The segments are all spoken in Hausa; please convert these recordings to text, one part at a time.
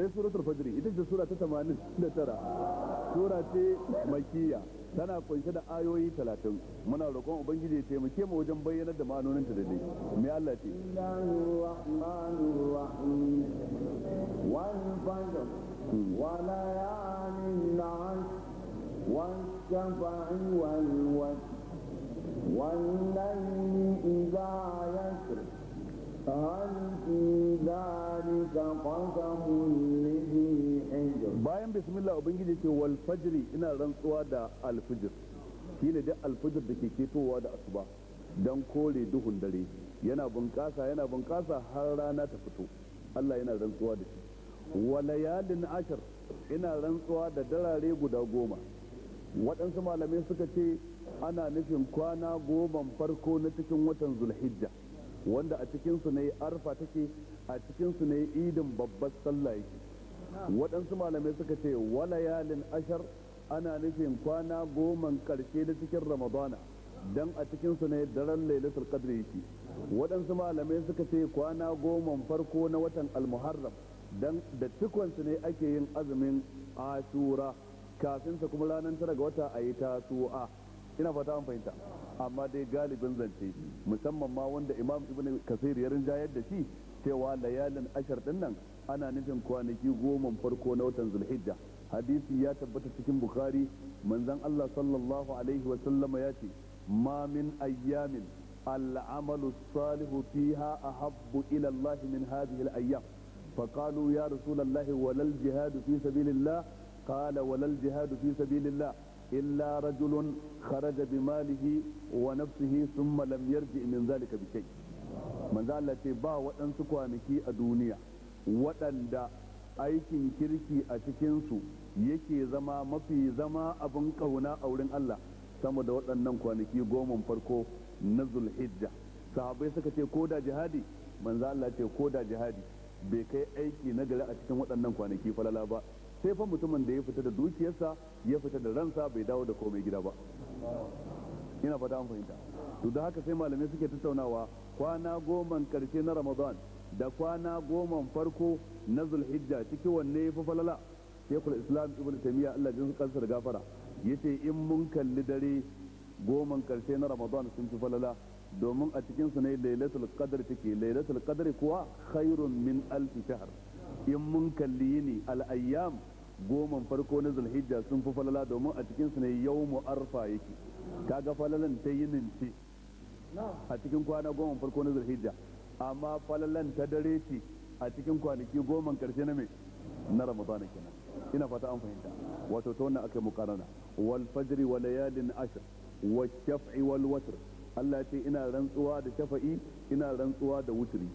sai suratul fajri ita ce sura ta 89 sura ce makiya tana kunshe da ayoyi 30 muna roƙon ubangiji ya taimake mu wajen bayyanar da ma'anonin ta dai me Allah ce وليال العشر والشفع والوتر والليل إذا يسر bayan bismillah ubangiji ce wal fajri ina rantsuwa da alfijir shine duk alfijir da ke ketowa da asuba don kore duhun dare yana bunkasa yana bunƙasa har rana ta fito Allah yana rantsuwa da shi wa ashir ina rantsuwa da darare guda goma waɗansu malamai suka ce ana nufin kwana goma farko na cikin watan zulhijja wanda a cikinsu ne arfa take a cikinsu ne idin babbar sallah yake waɗansu malamai suka ce walayalin ashar ana nufin kwana goma karshe na cikin ramadana don a cikinsu ne daren lailatul qadr yake waɗansu malamai suka ce kwana goman farko na watan almuharram don da cikonsu ne ake yin azumin ashura kafin su kuma ranar tara ga wata a yi tasu'a ina fata an fahimta amma dai galibin zance musamman ma wanda imam ibn kasir ya rinjayar da shi cewa layalin ashar din nan ana nufin kwanaki goma farko na watan zulhijja hadisi ya tabbata cikin bukhari manzon allah sallallahu alaihi wa sallama ya ce ma min ayyamin al'amalu salihu fiha ahabbu ilallahi min من هذه الأيام فقالوا ya رسول الله ولا الجهاد walal سبيل fi قال ولا الجهاد illa rajulun kharaja bi malihi wa nafsihi thumma lam yarji min zalika bi shay manzo ce ba waɗansu kwanaki a duniya waɗanda aikin kirki a cikinsu yake zama mafi zama abin ƙauna a wurin Allah sama da waɗannan kwanaki goman farko na zulhijja sahabai suka ce ko da jihadi manzo Allah ce ko da jihadi bai kai aiki na gari a cikin waɗannan kwanaki falala ba sai fa mutumin da ya fita da dukiyarsa ya fita da ransa bai dawo da komai gida ba ina fata an fahimta to da haka sai malamai suke tattaunawa kwana goman karshe na ramadan da kwana goma farko na zulhijja cikin wanne ya fi falala shekul islam ibn taymiya allah jinsu kansa da gafara ya ce in mun kalli dare goman karshe na ramadan sun fi falala domin a cikinsu su ne lailatul qadr take lailatul qadr kuwa khairun min alf shahr in mun kalli yini al ayyam goman farko na zulhijja sun fi falala domin a cikinsu ne yau arfa yake kaga falalan ta yinin ce a cikin kwana goma farko na zulhijja amma falalan ta dare ce a cikin kwanaki goma karshe na mai na ramadana kenan ina fata an fahimta wato ta wannan aka mukarana wal fajri wa layalin ashr wa shaf'i wal watr Allah ce ina rantsuwa da shafa'i ina rantsuwa da wutri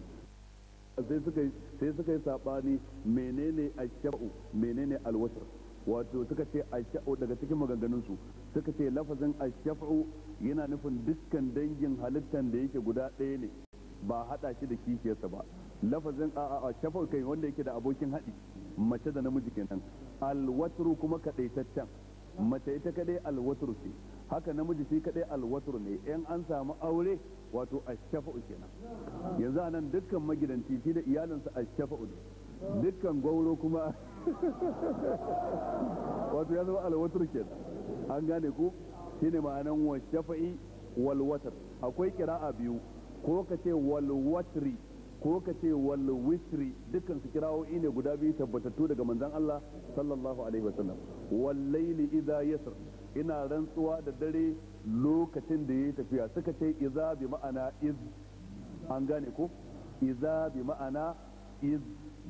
sai suka yi saɓani suka sabani menene menene wato suka ce ashau daga cikin maganganun su suka ce lafazin ashau yana nufin dukkan dangin halittar da yake guda ɗaya ne ba haɗa shi da kishiyarsa ba lafazin a a shafar kai wanda yake da abokin haɗi mace da namiji kenan alwatru kuma kaɗaitaccen. mace ita kadai alwatur ce haka namiji shi kadai alwatur ne in an samu aure wato ashafa'u kenan yanzu anan dukkan magidanci shi da iyalinsa ashafa'u ne dukkan gwauro kuma wato ya zama alwatur kenan an gane ku shine ma'anan wa shafa'i walwatar akwai kira'a biyu ko ka ce walwatri ko ka ce wal witri dukkan su kirawo'i ne guda biyu tabbatattu daga manzon Allah sallallahu alaihi wasallam wal layli idza yasr ina rantsuwa da dare lokacin da yayi tafiya suka ce idza bi ma'ana iz an gane ko idza bi ma'ana iz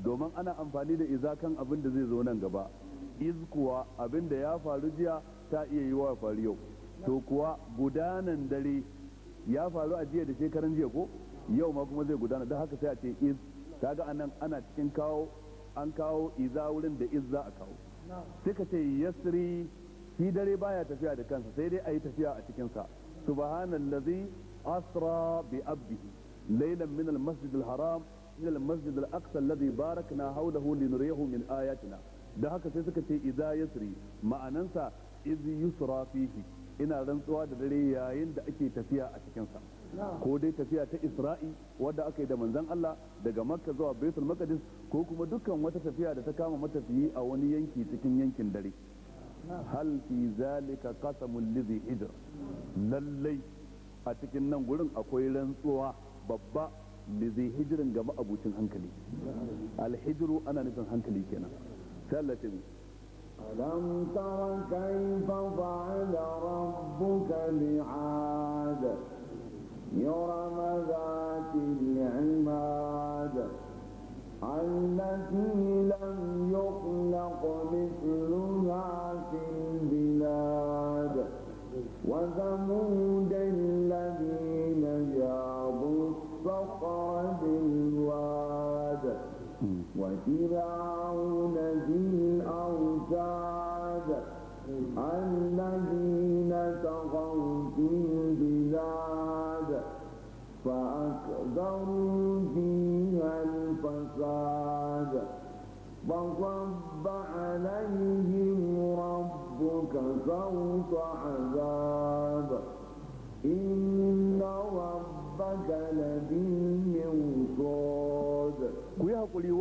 domin ana amfani da iza kan abin da zai zo nan gaba iz kuwa abin da ya faru jiya ta iya yi wa faru yau to kuwa gudanan dare ya faru a jiya da shekaran jiya ko yau ma kuma zai gudana da haka sai a ce iz kaga anan ana cikin kawo an kawo iza wurin da iz za a kawo sai ka ce yasri shi dare baya tafiya da kansa sai dai a yi tafiya a cikinsa subhanallazi asra bi abdihi laylan min almasjid haram ila almasjid alaqsa alladhi barakna hawlahu linuriyahu min ayatina da haka sai suka ce iza yasri ma'anansa iz yusra fihi ina rantsuwa da dare yayin da ake tafiya a cikinsa ko dai tafiya ta isra'i wadda aka yi da manzan Allah daga makka zuwa baitul maqdis ko kuma dukkan wata tafiya da ta kama matafiyi a wani yanki cikin yankin dare hal fi zalika qasamul lidhi hijr lallai a cikin nan gurin akwai rantsuwa babba lidhi hijrin ga ma'abucin hankali alhijiru ana nufin hankali kenan sallatin ألم تر كيف فعل ربك بعاد يرم ذات العماد التي لم يخلق مثلها في البلاد وثمود الذين جابوا الصخر بالواد وكذا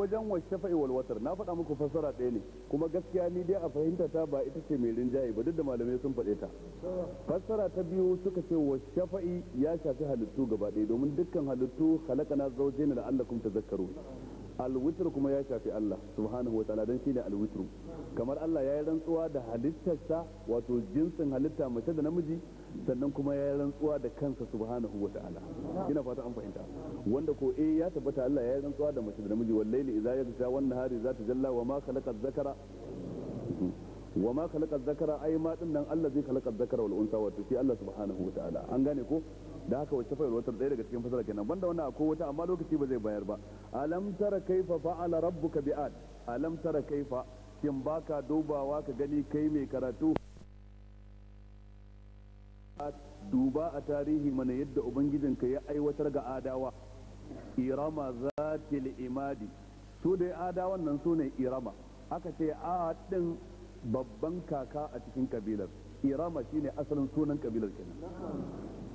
wajen wa shafa'i wal na faɗa muku fassara ɗaya ne kuma gaskiya ni dai a fahimta ta ba ita ce mai rinjaye ba duk da malamai sun faɗe ta fasara ta biyu suka ce wa shafa'i ya shafi halittu gaba ɗaya domin dukkan halittu zaune zaujaina da allah kuma tazakkaru alwitr kuma ya shafi Allah subhanahu wa ta'ala dan shine alwitr kamar Allah ya yi rantsuwa da halittarsa wato jinsin halitta mace da namiji sannan kuma ya yi rantsuwa da kansa subhanahu wa ta'ala ina fata an fahimta wanda ko eh ya tabbata Allah ya rantsuwa da mace da namiji wallahi idza yaghsha wan nahari zata jalla wa ma khalaqa zakara wa ma khalaqa zakara ai ma din nan Allah zai khalaqa zakara wal unsa wato shi Allah subhanahu wa ta'ala an gane ko da haka wacce fa'il wata daya daga cikin fasara kenan banda wannan akwai wata amma lokaci ba zai bayar ba alam tara kaifa fa'ala rabbuka bi'ad alam tara kaifa kin baka dubawa ka gani kai mai karatu duba a tarihi mana yadda ubangijinka ya aiwatar ga adawa irama zatil imadi su dai ada wannan su ne irama aka ce a din babban kaka a cikin kabilar irama shine asalin sunan kabilar kenan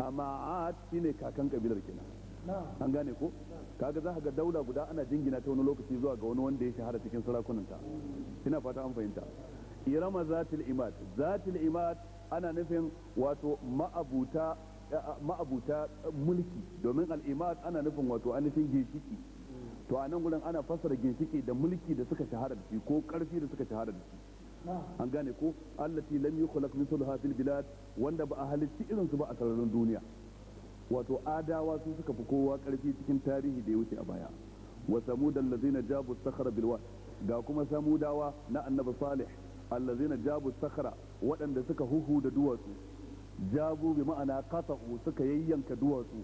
amma a shine kakan kabilar kenan an gane ko kaga za ga daula guda ana jingina ta wani lokaci zuwa ga wani wanda ya shahara cikin sarakunanta ina fata an fahimta irama zatil imad zatil imad ana nufin wato ma'abuta ma'abuta mulki domin al'imad ana nufin wato ainihin ginshiki to a nan gudan ana fassara ginshiki da mulki da suka shahara da shi ko karfi da suka shahara da shi an gane ko allati lam yukhlaq mithluha fil bilad wanda ba a halitti irin su ba a sararin duniya wato adawa sun suka fi kowa karfi cikin tarihi da ya wuce a baya wa samudan allazina jabu sakhara bil ga kuma samudawa na annabi salih allazina jabu sakhara waɗanda suka huhu da duwatsu jabu bi ma'ana kasau suka yayyanka duwatsu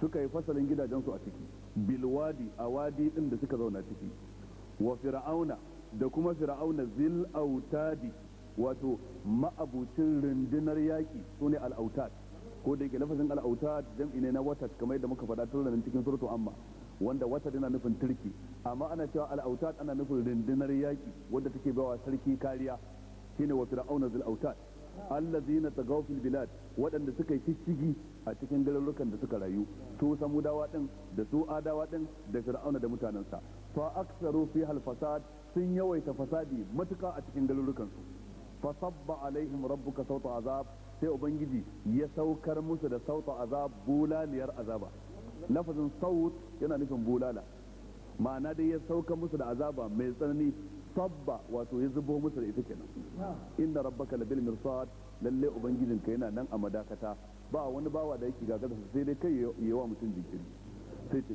suka yi fasalin gidajensu a ciki bilwadi a wadi din da suka zauna ciki wa fir'auna da kuma fir'auna zil autadi wato ma'abucin rundunar yaki sune al autad ko da yake lafazin al jam'i ne na wata kamar da muka faɗa tun nan cikin suratu amma wanda wata yana nufin turki amma ana cewa al autad ana nufin rundunar yaki wanda take bawa sarki kariya shine wa fir'auna zil autad allazina tagaw fil bilad waɗanda suka yi shishigi a cikin garurukan da suka rayu su samudawa din da su adawa din da fir'auna da mutanensa fa aktsaru fi hal fasad sun yawaita fasadi matuka a cikin garurukan su fa sabba alaihim rabbuka sauta azab sai ubangiji ya saukar musu da sauta azab bulaliyar azaba lafazin saut yana nufin bulala ma'ana dai ya sauka musu da azaba mai tsanani sabba wato ya zubo musu da ita kenan inda rabbaka labil mirsad lalle ubangijinka yana nan a madakata ba wani bawa da yake gagara sai dai kai yawa mutum jinkiri sai ce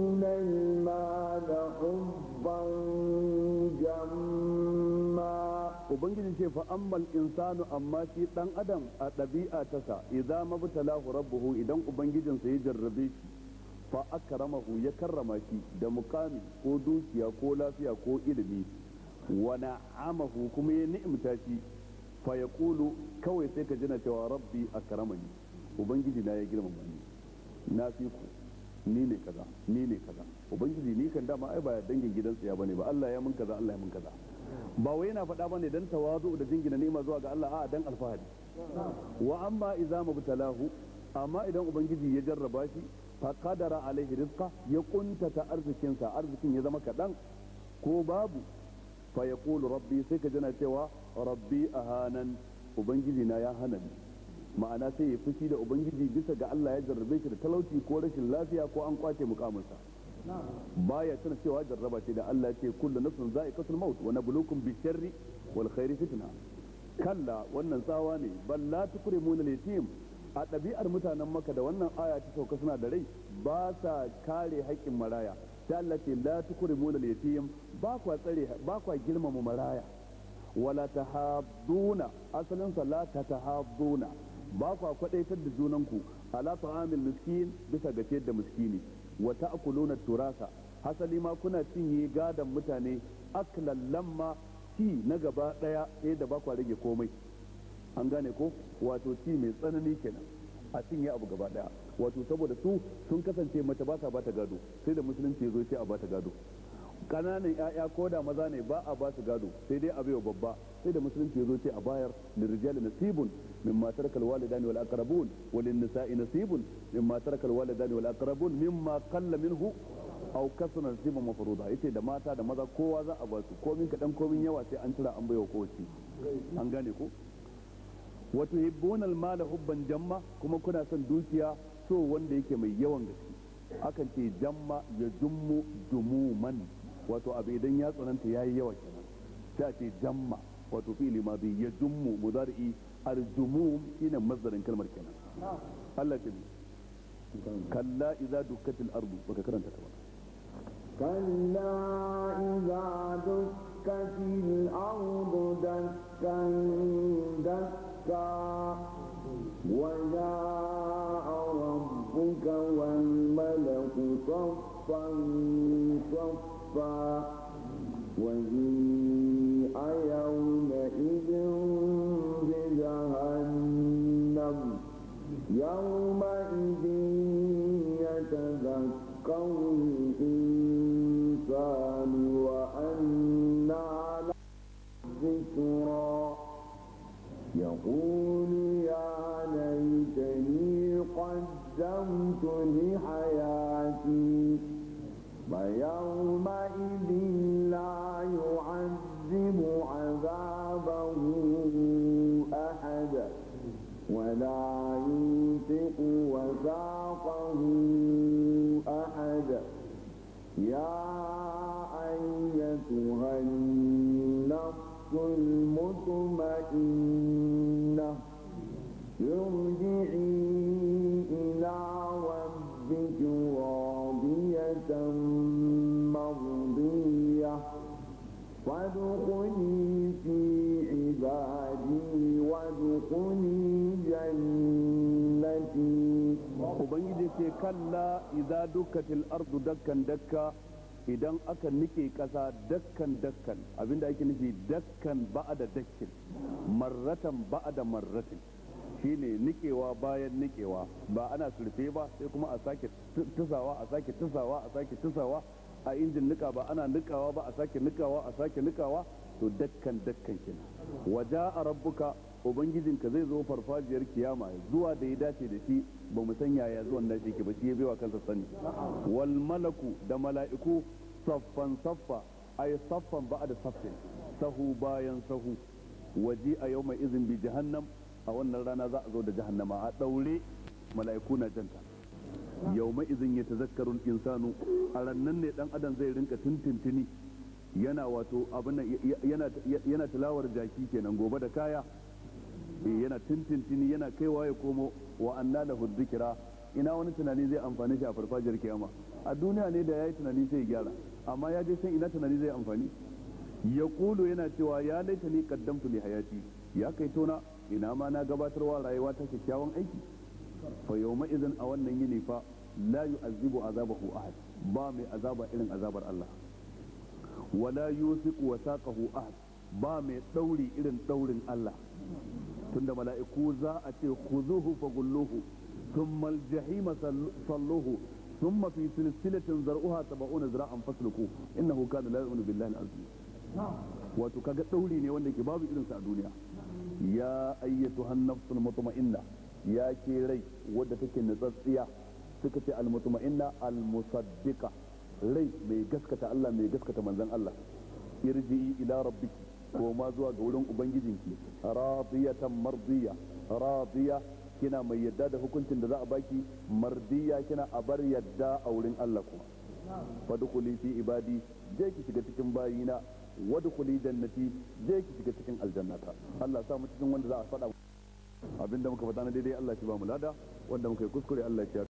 ubangiji ce fa ammal insanu amma shi dan adam a ɗabi'a ta sa idza mabtalahu rabbuhu idan ubangijinsa ya jarrabe shi fa akramahu ya karrama shi da mukami ko dukiya ko lafiya ko ilimi wa na'amahu kuma ya ni'imta shi fa yaqulu kawai sai ka jina cewa rabbi akramani ubangiji na ya girmama ni na fi ku ni ne kaza ni ne kaza ubangiji ni kan dama ai ba dangin gidansa ya bane ba Allah ya mun kaza Allah ya mun kaza ba wai yana faɗa bane dan tawazu da jingina ni'ima zuwa ga Allah a'a dan alfahari wa amma idza mubtalahu amma idan ubangiji ya jarraba shi fa qadara alaihi rizqa ya kuntata arzikinsa arzikin ya zama kadan ko babu fa yaqulu rabbi sai ka jana cewa rabbi ahanan ubangiji na ya hana ni ma'ana sai ya fushi da ubangiji bisa ga Allah ya jarrabe shi da talauci ko rashin lafiya ko an kwace sa baya tana cewa jarraba ce da Allah ce kullu nafsin za'iqatul maut wa nabluukum bi sharri wal khairi fitna kalla wannan tsawa ne bal la tukrimuna al a ɗabi'ar mutanen maka da wannan aya ta sauka suna da rai ba sa kare haƙƙin maraya ta Allah ce la tukrimuna al ba kwa tsare ba kwa girmama maraya wala tahadduna asalin sa la tatahadduna ba kwa kwadaitar da junanku ala ta'amil miskin bisa ga da miskini wa ta'kuluna turasa hasali ma kuna cinye gadan mutane aklan lamma ci na gaba daya sai eh, da ba kwa rage komai an gane ko wato ci mai tsanani kenan a cinye abu gaba daya wato saboda su sun kasance mace ba ta ba ta gado sai da musulunci ya zo ce a ba ta gado kananan 'ya'ya ko da maza ne ba a ba su gado sai dai a baiwa babba sai da musulunci ya zo ce a bayar lirrijal nasibun mimma tarakal walidani wal aqrabun wal nisa'i nasibun mimma tarakal walidani wal aqrabun mimma qalla minhu aw kasana nasiban mafruda yace da mata da maza kowa za a ba su komin kadan komin yawa sai an tura an baiwa kowace an gane ko wato hibbuna al mala hubban jamma kuma kuna son dukiya so wanda yake mai yawan gaske akan ce jamma ya jummu dumuman wato abidan idan ya tsananta yayi yawa kenan sai a ce jamma wato fi'ili madi ya jummu mudari'i arjumum ina masdarin kalmar kenan Allah ta bi kalla idza dukkatil ardu baka karanta ta ba kalla idza dukkatil ardu dakkan dakka wa ja'a rabbuka wal malaku saffan يا ليتني قدمت لحياتي فيومئذ لا يعذب عذابه أحد ولا يوثق وثاقه أحد يا أيتها النفس المطمئنة Ubangiji ce kalla idza dukkatil ardu dakkan dakka idan aka nike kasa dakkan dakkan abinda ake nufi dakkan ba'a da dakkin marratan ba'a da marratin shine nikewa bayan nikewa ba ana surfe ba sai kuma a sake tusawa a sake tusawa a sake tusawa a injin nika ba ana nikawa ba a sake nikawa a sake nikawa to dakkan dakkan kina waja a rabbuka ka zai zo farfajiyar kiyama zuwa da ya dace da shi ba mu san yaya zuwan nan shi ba shi ya baiwa kansa sani wal malaku da mala'iku saffan saffa ay saffan ba'da saffin sahu bayan sahu waji a yau mai izin bi jahannam a wannan rana za a zo da jahannama a daure mala'iku na janta yauma izin ya tazakkarun insanu a rannan ne dan adam zai rinka tuntuntuni yana wato abin yana tilawar jaki kenan gobe da kaya eh, yana tuntuntuni yana kaiwa ya komo wa anna lahu dhikra ina wani tunani zai amfani shi a farfajiyar kiyama a duniya ne da yayi tunani sai ya gyara amma ya je san ina tunani zai amfani ya yana cewa ya laita ni kaddamtu li hayati ya kai tona ina ma na gabatarwa rayuwa ta kyakkyawan aiki fa yawma idan a wannan yini fa la yu'azzibu azabahu ahad ba mai azaba irin azabar Allah wala yusiqu wasaqahu ahad ba mai dauri irin daurin Allah tunda mala'iku za a ce khuzuhu faghulluhu thumma al-jahima salluhu ثم في سلسلة زرعها سبعون ذراعا فاسلكوه إنه كان لا يؤمن Al العظيم wato kaga ɗauri ne wanda ke babu irinsa a duniya ya ayyatu hannafsul mutma'inna ya ke rai wadda take natsatsiya suka ce al mutma'inna al musaddiqa rai mai gaskata Allah mai gaskata manzon Allah irji ila rabbiki ko ma zuwa ga wurin ubangijinki radiyatan mardiya rabiya kina mai yadda da hukuncin da za a baki mardiya kina a bar yadda a wurin Allah kuma fadkhuli fi ibadi je ki shiga cikin bayina kuli jannati zai ki shiga cikin aljannata Allah sa mu cikin wanda za a faɗa abinda muka faɗa na daidai Allah shi ba mu lada wanda muka yi kuskure Allah shi